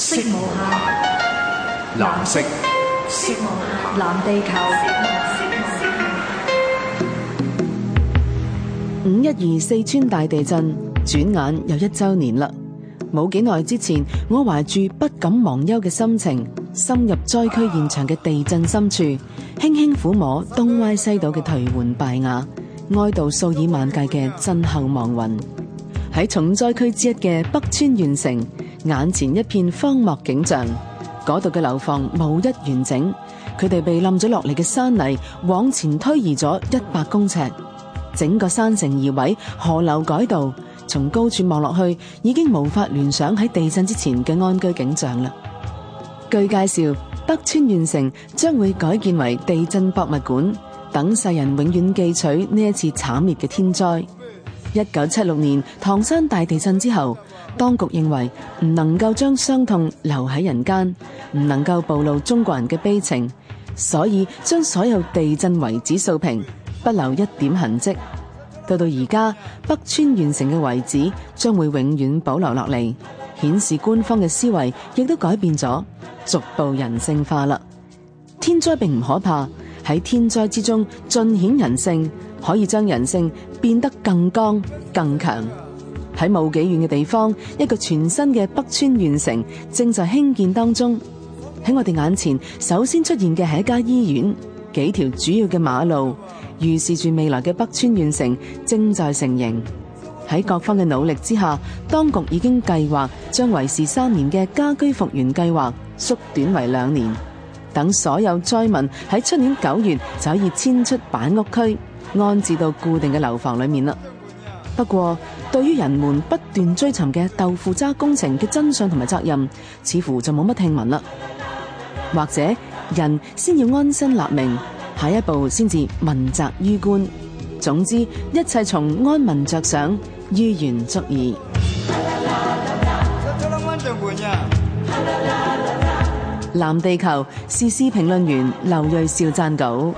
色無下，藍色。色無暇，藍地球。五一二四川大地震，轉眼又一周年喇。冇幾耐之前，我懷住不敢忘憂嘅心情，深入災區現場嘅地震深處，輕輕撫摸東歪西倒嘅頹垣敗瓦，哀悼數以萬計嘅震後亡魂。喺重災區之一嘅北川縣城。眼前一片荒漠景象，嗰度嘅樓房冇一完整，佢哋被冧咗落嚟嘅山泥往前推移咗一百公尺，整個山城移位，河流改道，從高處望落去已經無法聯想喺地震之前嘅安居景象啦。據介紹，北川縣城將會改建為地震博物館，等世人永遠記取呢一次慘烈嘅天災。一九七六年唐山大地震之後，當局認為唔能夠將傷痛留喺人間，唔能夠暴露中國人嘅悲情，所以將所有地震遺址掃平，不留一點痕迹。到到而家，北川縣城嘅遺址將會永遠保留落嚟，顯示官方嘅思維亦都改變咗，逐步人性化啦。天災並唔可怕。喺天災之中盡顯人性，可以將人性變得更剛更強。喺冇幾遠嘅地方，一個全新嘅北川縣城正在興建當中。喺我哋眼前，首先出現嘅係一家醫院、幾條主要嘅馬路，預示住未來嘅北川縣城正在成型。喺各方嘅努力之下，當局已經計劃將維持三年嘅家居復原計劃縮短為兩年。等所有災民喺出年九月就可以遷出板屋區，安置到固定嘅樓房裏面啦。不過，對於人們不斷追尋嘅豆腐渣工程嘅真相同埋責任，似乎就冇乜聽聞啦。或者，人先要安身立命，下一步先至問責於官。總之，一切從安民着想，於言足矣。啊藍地球，時事評論員劉銳紹撰稿。